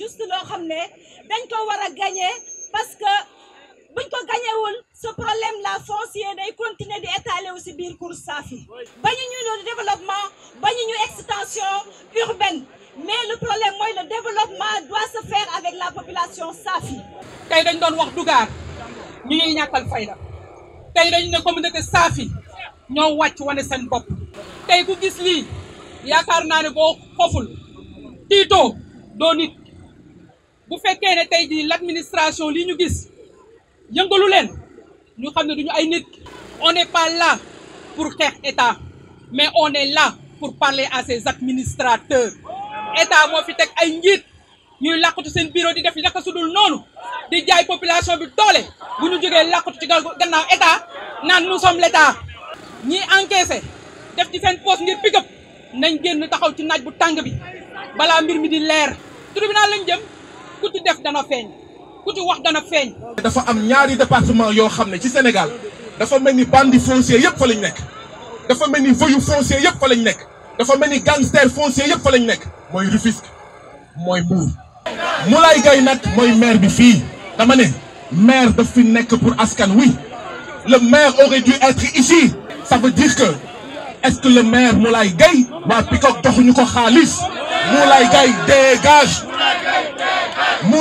juste lo xamné ne dañ ko wara gagner parce que buñ ko gagnewul ce problème là foncier day continuer di étaler aussi biir Cour Safi bañu ñu le développement bañu ñu extension urbaine mais le problème moy le développement doit se faire avec la population Safi tay dañ doon wax Dougar ñu ñi ñàkkal fayda tay dañ ne communauté Safi ñoo wacc wane s'en bop tay ku gis li yaakar naa ne boo xoful tito do nit bu fekkee ne tey jii l'administration li ñu gis yëngalu leen ñu xam ne duñu ay nit on n'est pas là pour xeex état mais on est là pour parler à ses administrateurs état moo fi teg ay njiit ñuy làqatu seen bureau di def naka sudul noonu di jaay population bi doole bu ñu jógee làqatu ci gannaaw état naan nous sommes l'état ñi encaissé def ci seen poste ngir pick-up nañ génn taxaw ci naaj bu tàng bi balaa mbir mi di leer tribunal lañ jëm def wax dana feeñ. dafa am ñaari département yoo xam ne ci Sénégal dafa mel ni bandits fonciers yëpp fa lañ nekk dafa mel ni voyous fonciers yëpp fa lañ nekk dafa mel ni gangsters fonciers yëpp fa lañ nekk mooy Rufisque mooy Mbour. Moulay Gaye nag mooy maire bi fii dama ne maire daf fi nekk pour askan wi le maire aurait dû être ici. ça veut que est-ce que le maire Moulay Gaye waa Pikok joxuñu ko xaalis Moulay Gaye dégage.